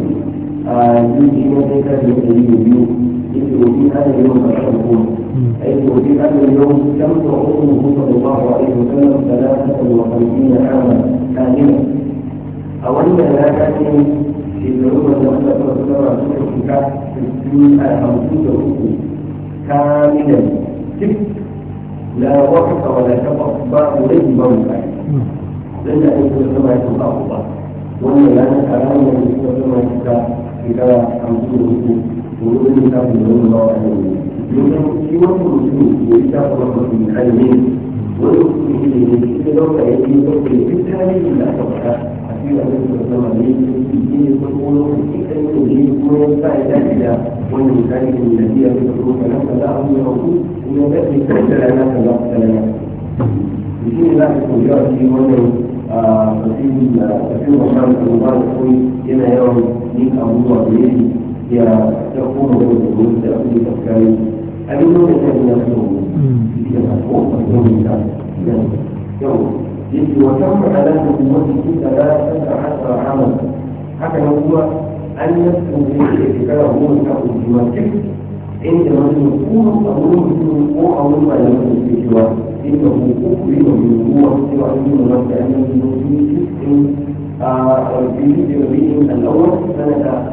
A: يجي من كتاب يكون يجي من هذا اليوم أشهر حيث في وجدت اليوم كم رسوله صلى الله عليه وسلم ثلاثة وخمسين عاما كاملة أولا لا تأتي في العلوم التي تذكر في السنين الخمسين ركن كاملا ست لا وقت ولا شفق باب ليل باب لن أعيش كما يتوقع الله وأن لا نتعلم من كما يتوقع في كلا خمسين ركن ولو لم يكن العلوم الله عليه وسلم يوم الوجود ويتاق رحمة من علمين ويوصله إليه إذا لو تأتي يوصل في التالي من أصبح أكيد أن الزمنين يمكن يكون كيف يمكن يكون ينفع ذلك ومن ذلك الذي يدخل فلم لا أمر الرسول إن ذلك تحت لنا فلا سلام بسم الله الرحمن الرحيم ففي ففي الرحمن المبارك إلى يوم لك أبو ظبيل يقوم بالدروس تأخذ أفكاري أبنون يتبيعون وكم على قوته ثلاثة عشر عاما حكم هو أن يكون في كلامه الحق بمكة عندما يكون أمره يكون أو ما يكون في سواه إنه أقبل من هو سوى أن مكانه في ست في ربيع الأول سنة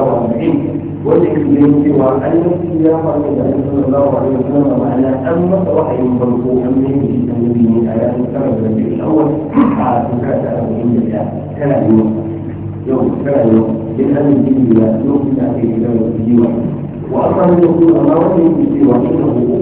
A: 41 وذكر من سوى أن السياق من صلى الله عليه وسلم على أما وحي فرقه أم من النبي من آيات السبب الذي الأول على سكات أمرين الله كان يوم يوم كان يوم لأن الدين لا يوم في كتاب الدين وأما أن يكون الله من سوى إنه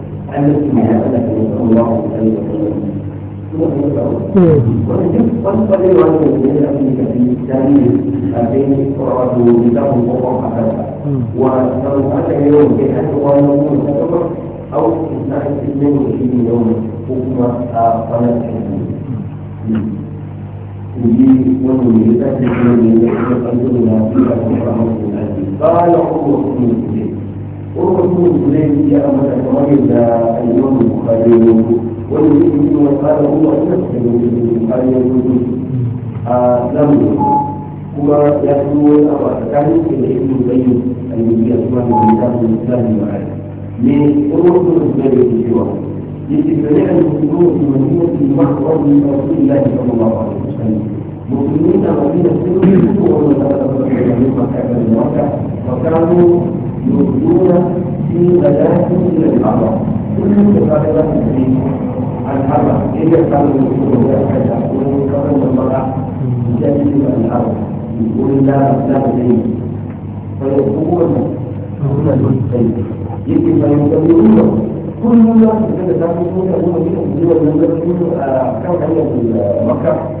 A: التي نعمت صلى الله عليه وسلم والصغير والكبير في التاريخ الذي يقعد له مطلقا ولو اتى يوم بان يقول سفر او انسان في من يوم حكم صلاه قال عمر بن ورسول إليه جاء متكرر اليوم البخاري والذي من قال هو يسلم البخاري لم هو يحمل أو أتكلم في العلم البين الذي أسماه الإنسان الإسلام وعلى لرسول إليه سواه لتبرئ المسلمون في مدينة المحور من رسول الله صلى الله عليه وسلم مسلمين مدينة سلوك وهم تتبعون المكة والمكة وكانوا يردون في غداة إلى الحرم كل تقارير في الحرم إذا كان الوصول إلى الحجة ومن المرأة يجب الحرم يقول لا لا بليل فيقول هنا البيت يجب أن يكملونه كل يوم يجب أن يكون هنا من كم عندنا في مكة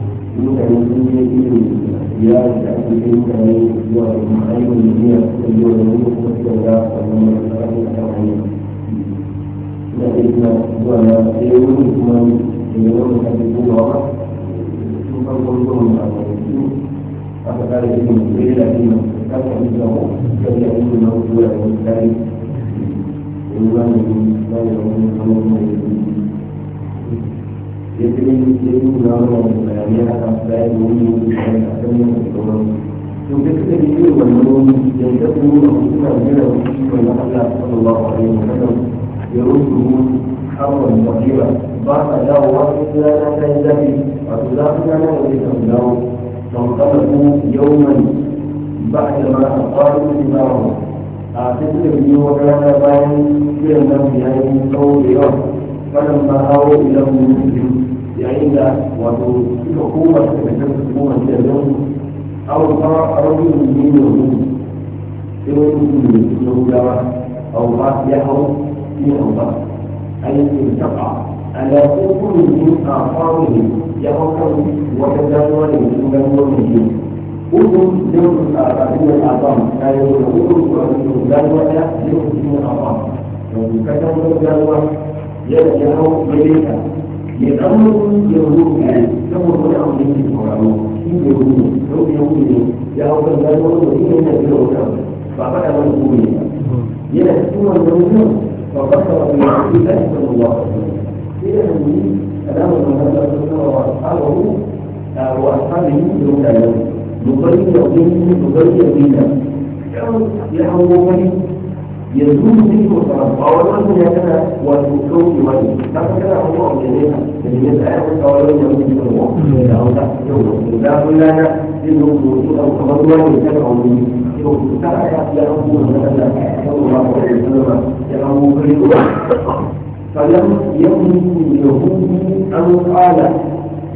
A: mutane sun je irin yawon da ake kai mutane zuwa ma'aikun da biya suka yi wa wani kuma suka ga wannan masu kan hanyar ina da ina zuwa na sai wani kuma daga wani kafin komawa sun farko zuwa wani abu aka kare irin sai da ina ta kafin zuwa kan yi abu na zuwa wani kare in zuwa ne ba da wani kamar mai يتبين يتبين نارا يعني أنا أفعل ومن يعني أفعل ومن وذكر اليوم والنوم ينتبه رسول الله صلى الله عليه وسلم يرده حرا ضريبا بعد لا واحد لا تنتهي وتلاقينا وليس له فانطلقوا يوما بعدما أقالوا دماغهم أعتقد به وكان باين في النبي أن يقول يوم فلما أووا إلى المسلم yayin da wato suka koma suka kashe su koma gidajen auka rajulun min yahud sai wani mutum ne yahudawa auka ya hau ne auka an yi tafa ala kukun min afawin ya hau kan wata ganuwa ne cikin ganuwa ne ke kukun jirgin a tsakanin afam ta yi wani kukun kuranin ganuwa ya jirgin afam da kuka ganuwa ya hau ya leka يدور يهود يعني يدور يهود يهود يهود يهود يهود يهود يهود يهود يهود يهود فقد منقول إلى سورة النور فبشر في رسول الله صلى الله عليه وسلم إلى النبي أمام المنزل صلى الله وأصحابه وأصحابه يوم الأيام نقيم يومين نقيم يومين يحوم يومين يزول منه الطرف اولا من هكذا والمكروه ولي لكن كذا هو الجنيه اللي يبقى ياخذ اولا يموت في الوقت او تحت الدوله ده كلنا منه الوصول او تبادل ولي كذا او مني وكذا يقول مثلا صلى الله عليه وسلم يقول كريم فلم يكن اليهود ان قال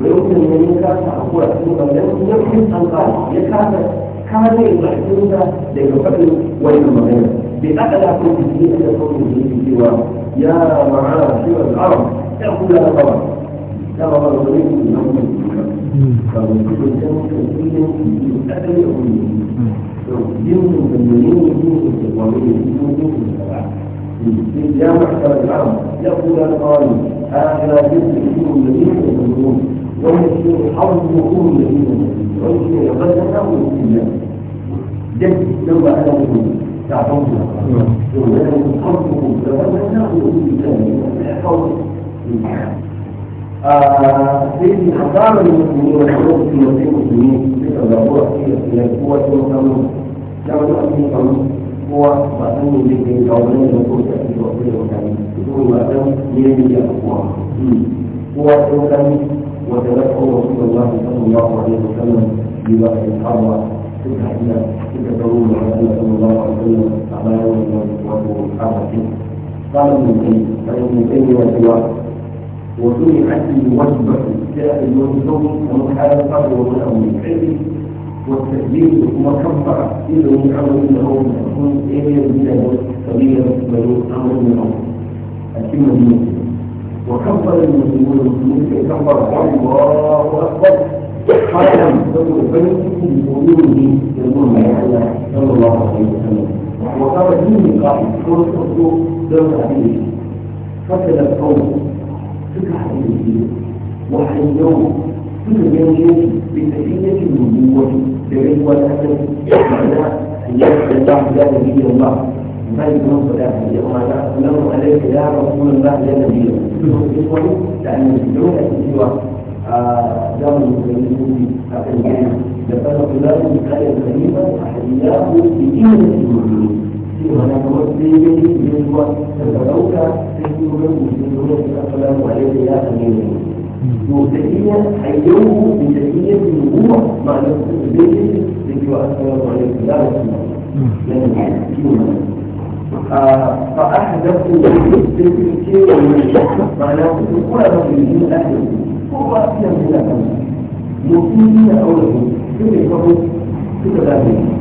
A: ويمكن ان يكافح هو لم يكن ان قال يكافح كما يمكنك للفكر والمغير بأعلى قوته إلى قوته سوى يا معاشر العرب اعبد لنا طبعا كما قال النبي فالمسلم كان كثيرا في أكل أمه جنس بالمنين جنس بالقوانين جنس بالسبع يا معشر العرب يقول القائل هذا جنس اسم المنين والمنون ويسير حظه يمينا ويسير بدنه يمينا جد لو أنا منه تعبون لو أنا من حظه فبدنه يمينا حظه سيدي حضارة المسلمين والحروب في مسيح المسلمين مثل ضرورة هي قوة القانون لما تؤدي القانون هو مأمون به قوانين الوصول تأتي الوصول والتعليم يقول مأمون بيده القوة هو القانون وتذكر رسول الله صلى الله عليه وسلم ببعض الحرة تلك إلى تلك على ان صلى الله عليه وسلم على يوم وهو الحرة قال ابن القيم قال ابن تيمية سواه وجمعت الوجبة جاء اليوم يوم ومن حال القبر ومن أول العلم والتكبير ثم وكفر إذا من عمل من عون يكون إيه من سبيل بنو أمر من عون الكلمة المسلمة وكبر المسلمون المسلمين كبر الله اكبر حتى يمسكوا البيت بقلوبهم يقول ما يعلم صلى الله عليه وسلم وقال دين القائد كل خطوه دون حديث فتل القوم فكر حديث وحيوه كل يوم بتحية النبوة بغير والأسف معناه أن يدعو لا نبي الله مالك بن صلاح وما له عليك يا رسول الله يا نبي الله لأن الجملة سوى دار المسلمين في الجنة لقد قلت بآية الخليفة أحياه بدين المسلمين وأنا مرسل من هو تبروك تجدون مسلمون السلام عليك يا أمين مرتديا حيوه بتسمية النبوة مع نفس البيت الذي السلام عليك يا رسول الله لن يحكمنا يعني فأحدثوا بالتفكير معناه هو من أهل هو أكثر من أهل في أوله كيف يفهم كيف لا يفهم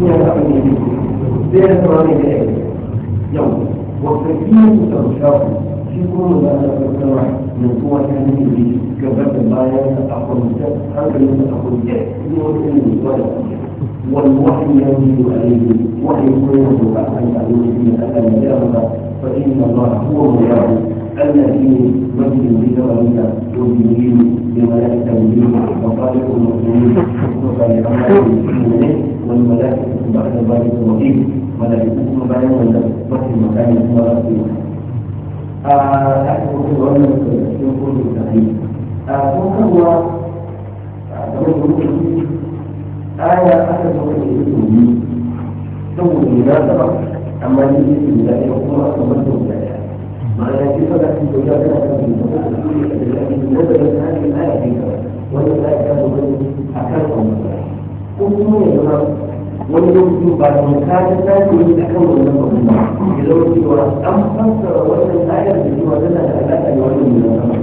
A: هي الأمر بين ثمانية أيام يوم وكثير ترشاق في كل ما نتوقع من قوة هذه الجيش كبرت البايع تأخذ الجد هذا يتأخذ الجد يقول إنه يتوقع والوحي ينزل عليه ويكون بعد ان تعود الى اثر جاهره فان الله هو مولاه الذي يمثل بجبروت وجبريل بملائكه الجن وصالح المسلمين وصالح المسلمين والملائكه بعد ذلك وكيل ملائكتهم بعد ذلك وفي مكان مراتب أعتقد أن يكون التحديد. هو aya aka zo ka yi su yi saboda ya zama amma ni ne su da ya kuma aka manta da ya ma'ana shi fa da shi da ya kana kan shi da ya da ya ta ne aya ne wani aya ta zo a kan wannan ko kuma ya zama wani lokaci ba da mutanen ta ce yi a kan wannan abu ba ya zama cewa an fassara wannan ayar da cewa tana da alaƙa da wannan da ya zama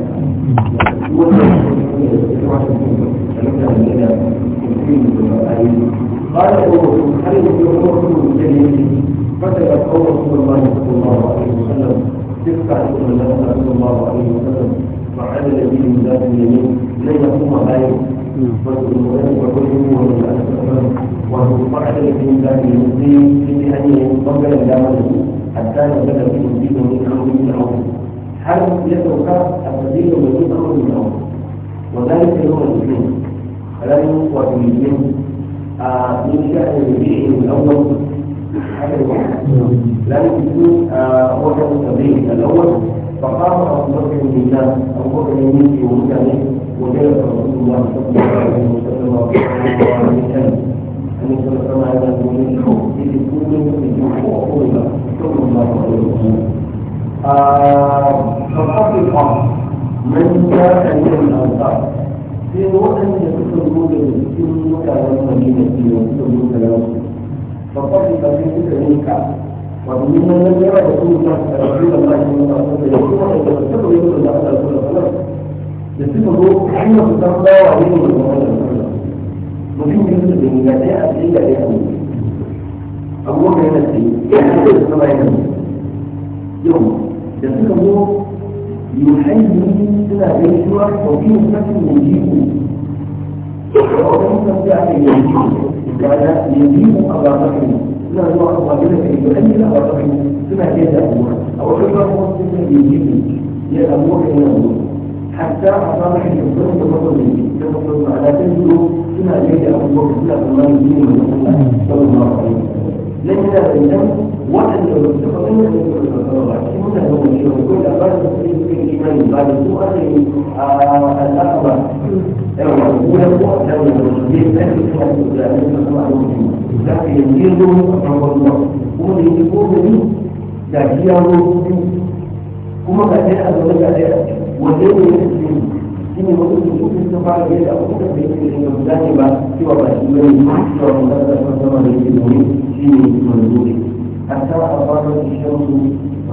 A: wannan ne da ya zama da ya zama da ya zama قال هل يكون رسول جليل فتلقوا رسول الله صلى الله عليه وسلم تسعة من الله صلى الله عليه وسلم وعلى الذي من ذات اليمين لن يقوم غيره والمؤمن وكله ومن الأسلام وعلى الذي من ذات اليمين في أن ينضم إلى حتى نزل فيه الدين من أمر من أمر هل يترك السبيل من أمر من أمر وذلك هو المسلم فلم في الجن آه، من شأن البيع الأول لم آه، هو شأن التبرير الأول فقام أبو بكر لله أبو بكر يمشي ومتعب وجلس رسول الله صلى الله عليه وسلم أن يكون كما هذا المؤمن لتكون الجمهور صلى الله عليه وسلم آه، فقط من جاء من الأنصار sai waɗanda suka zo da cikin mutanen madina ke da suka zo da yawa babbar da kafin suka ninka wato ni nan nan yawa da kuma ta da rasul Allah ya nuna su da yawa da da suka zo da Allah da suka zo da suka zo hanyar su san bawa ne da Allah mutum ne su da ni ga dai a cikin da ya ne abubuwan da yana ce yana da sama yana yau da suka zo يحيي سنة يسوع وفي نفس يجيبه وفي نفس يعني يجيبه لأن يجيبه على رحمه لا يوعد ربنا في يؤمن على رحمه سنة يد أمور أو حجر مسلم يجيبه يد أمور إلى أمور حتى أصابح الإنسان بفضل الله على تنزل سنة يد أمور سنة الله يجيبه صلى الله عليه وسلم ليس بينهم وأن يتفقون من يتفقون هم يشيرون كل أبعاد المسلمين في الإيمان بعد سوء الأخبار ولو لو المسلمين لم يتفقوا ذلك فهو المسلمين لكن يجيزهم أمر الله هم يجيبون منه تأثيره كما قد جاء ذلك عليه وزيد المسلمين إن وجود وجود استفاعل بيد أو تكبير في المدانبة سوى بأسلمين سوى مدانبة سوى مدانبة دين منزوج حتى أصابت الشمس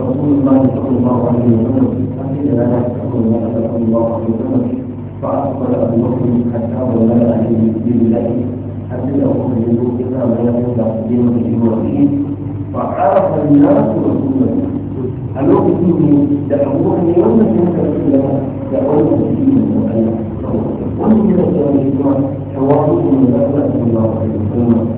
A: رسول الله صلى الله عليه وسلم حتى لا فقيل ما صلى الله عليه وسلم فأقبل أبو بكر حتى ولى عليه الله حتى يخرجه إذا لا يدع دين المرئين فعرف الناس رسول الله الوقت فيه دعوه أن يوم ينكر الله دعوه الدين المؤلف ومن يدعو الإسلام حواره من الله صلى الله عليه وسلم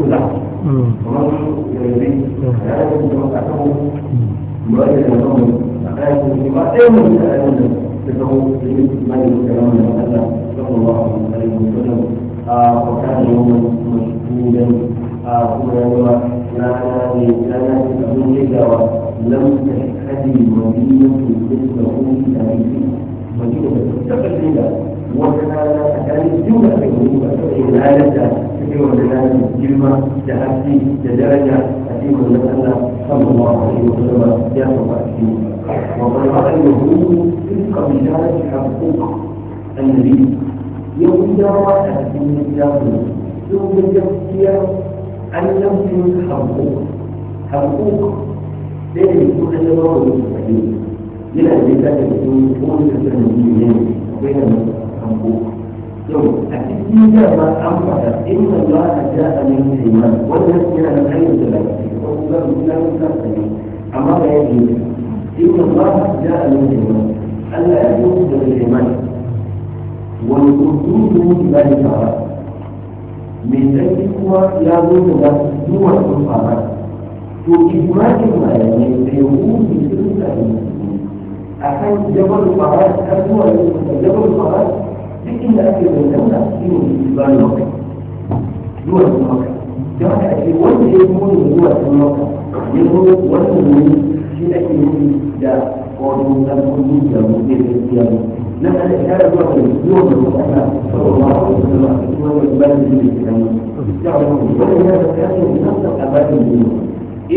A: محصول له الى البيت فيعلم توقعته يؤدي الى الامر فقال يقدم يتالم ذكره لمثل ما يذكرون من صلى الله عليه وسلم آه، وكان يوما مشهودا آه، ثم يوم لا لا يكون جدا تشهد مدينه مثله في تاريخها مدينه تستقل وكذلك جملة الوجود الآلة تكون بذلك الجلمة تأتي لدرجة أتيم المسألة صلى الله عليه وسلم يصف أتيم وقد رأيه رزق بذلك حقوق النبي يوم جرى أتيم الجاهل يوم التفكير أن يمكن حقوق حقوق ليس يكون أن يضرب أن يكون التنبيه بين المسألة أنبوك يوم أكيد ما أنبت إن الله جاء من سيمان والناس من الخير ذلك وقال لا يكفي أما لا يجوز إن الله جاء من سيمان ألا يجوز بالإيمان والوجود لا يتعرف من ذلك هو لا بد له هو الصفات وإدراك ما يعني سيكون في تلك المسلمين أحد جبل الفرات أول جبل الفرات cikin da ake zancanta shi ne ibanu maka zuwa su maka don haka ake wanda ya kuma ne zuwa su maka ya zo wannan wuri shi ake nufi da wato dan kudi da mutum da ya na kada ya zuwa ga zuwa ga mutane sallallahu alaihi wasallam a cikin wannan ibanu da ke kan ya wannan ya da ya ce nasa abadin ne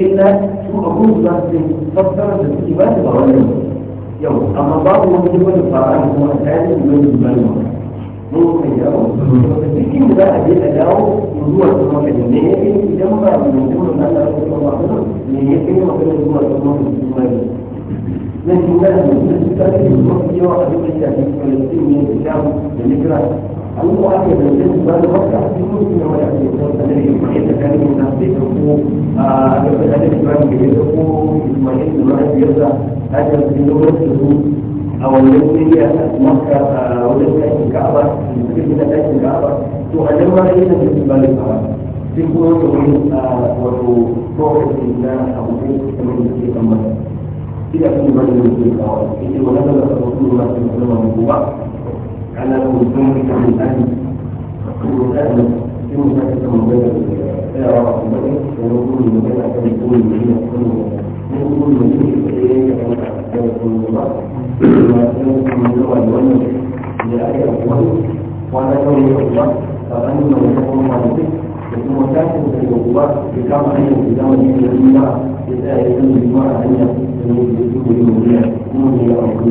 A: illa su abubuwa sun fassara da su ibadu ba wannan yang sama baru mungkin pada barang rumah saya itu juga juga lima. Mungkin jauh. Mungkin juga ada yang jauh berdua sama kerja. Nenek ini dia mungkin mungkin belum ada orang tua waktu itu. Nenek ini mungkin berdua sama kerja. Nenek ini mungkin kita ini berdua dia ada yang jadi pelatih ni jam jadi kerja. هو أكيد الجنس بل وقع في كل نوع من الذي يتكلم الناس بيدرسوا يتكلم الناس بيدرسوا إسماعيل الواحد بيرجع أجل في لغته أو اليومية مكة أو لغة الكعبة كلمة لغة الكعبة تؤلم علينا بالنسبة للكعبة في كل وروح الإنسان أو في كمان في كمان إذا كان من الكعبة إذا ولد الرسول الله صلى الله عليه وسلم أنا كنت من أهل كنت أهل كنت أهل مجال الإعراض ونقول المجال أكثر يكون المدينة نقول المدينة إيه يكون المضاد ويكون اللغة الولد لأي أقوال وأنا كوني الله فأنا من يكون مالك ثم تأخذ الوقوات بكما أن يكون الإنسان يتأهل من المرأة أن يكون المدينة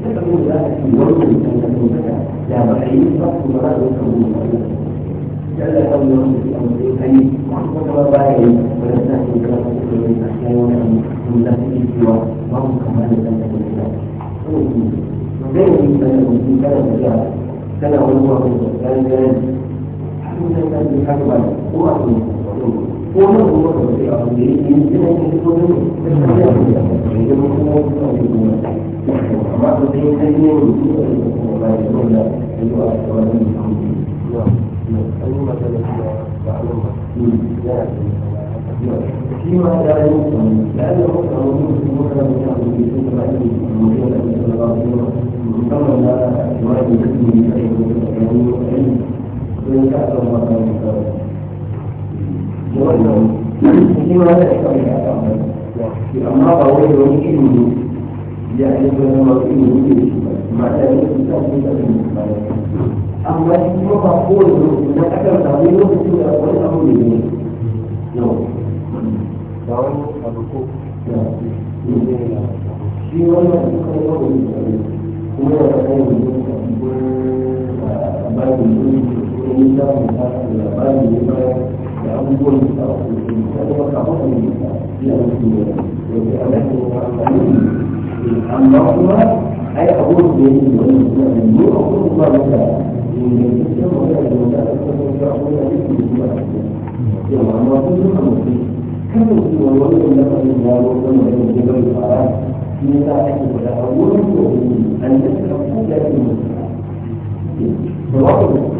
A: تكون ذلك في وجه أن تكون لا ضعيف فقط ولا يكون جل قول في أمره أي وقد رباعي ولسنه كما تقول من أحيان ومن نفسه سوى وهم كما لم تكن ذلك وبين من في كان مجال كان هو كان جاهز حتى كان يحكم هو أمره 我那我怎么样？你你你我跟你说真的，这是这样的，你跟我说这样的，我妈说这些这些你这个我来说的，你说什么你同意？是吧？嗯，那你们这个是咋弄的？嗯，这样子。فيما لا يمكن لأنه أكثر من مثلا من أهل البيت فإن المدينة مثل الأرضين من ثم لا يواجه من شيء من العلم فإن كأثر ما كان أما يوقع قول ما أكثر تغيير في الأول أو اليمين. نعم. دعوة الركوع. نعم. في ولا يقرأ ولا يقرأ بعد الإنسان بعد الإنسان da abubuwan da ba su yi da kuma kafin da yana su ne da ke alaƙa da amfani amma kuma ai abubuwan da yake da wani suna da yi abubuwan ba da ingantaccen magana da wata a cikin wasu abubuwan da yake da kuma a cikin yawa amma kun yi amince kasancewar wani wanda ba zai dawo kan wani da bai fara shi ne za a ake faɗa a wurin da wani an tattara kuma da yake da wasu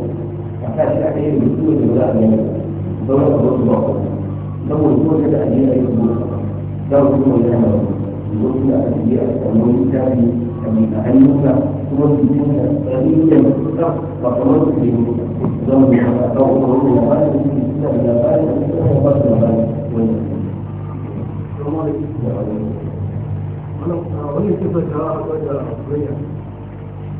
A: كان عليه وجود ولا أمين دولة الرسول لو وجود الأمين يقول لو وجود الأمين يقول الأمين الأمين الثاني أمين أهلنا تقول بجنة أمين يمسك وقرر في ذنب أو قرر لبان في سنة لبان وقرر لبان وقرر لبان ولو أولي كيف جاء وجاء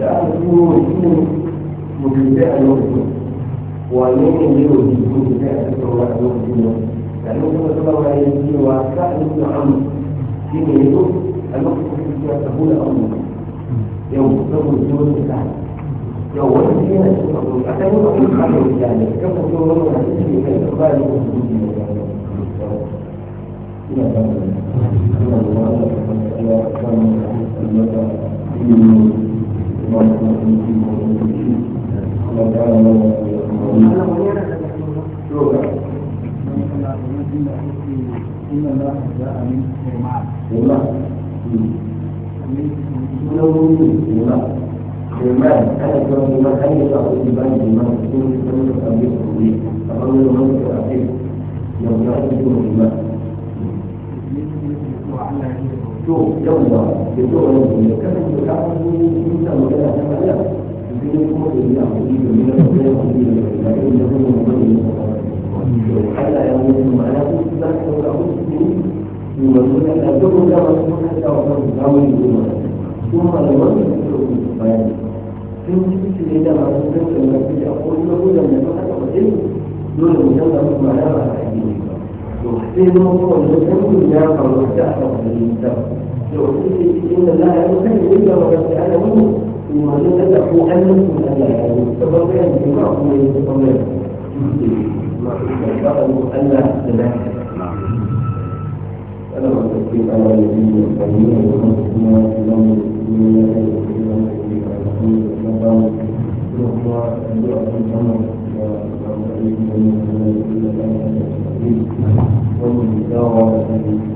A: لأن فيه يكون مجزاء الوجود ومن يجوز مجزاء الوجود الوجود لأنه كما سبق أن يجي وكان ابن عمرو في ميلوس الوقت في تقول أمه يوم تقول الجوز بتاعه لو ولد فينا تقول عشان يبقى في الحمل يعني كم تقول له أنا هتجي في الأخبار الموجودة يعني وعلى to yawwa da zuwa yanzu ya kasance ka hannu sun sa magana ta kariya su ne kuma da biya kuɗi da biya kuɗi da kuɗi da kuɗi da irin da kuma mutane da kuma Allah ya mutu ma'ana ko su za su ɗauka musu su ne su wanzu na da gaba da wasu kuma da wa kansu zamani goma su malaman da suka rubuta bayani sun ci su ne da masu kankan na fiye a kowane lokutan da suka taɓa ɗin dole mu canza musu ma'ana ba a aiki ne ba to sai zama kowane lokutan ya faru da aka wani littafi إن الله يحب إلا وقد جعل منه ثم ان أنكم ألا يعلمون فبقي جماعكم يتطمئن ألا تنام ألا وتكفيك على الذين يصلون ويخلصون إلى المسلمين ويخلصون إلى المسلمين ويخلصون إلى المسلمين ومن دار هذه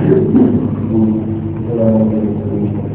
A: Thank
B: you.